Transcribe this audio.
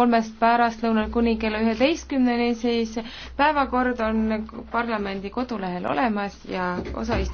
kolmest pärastlõunal kuni kella üheteistkümneni, siis päevakord on parlamendi kodulehel olemas ja osa istungist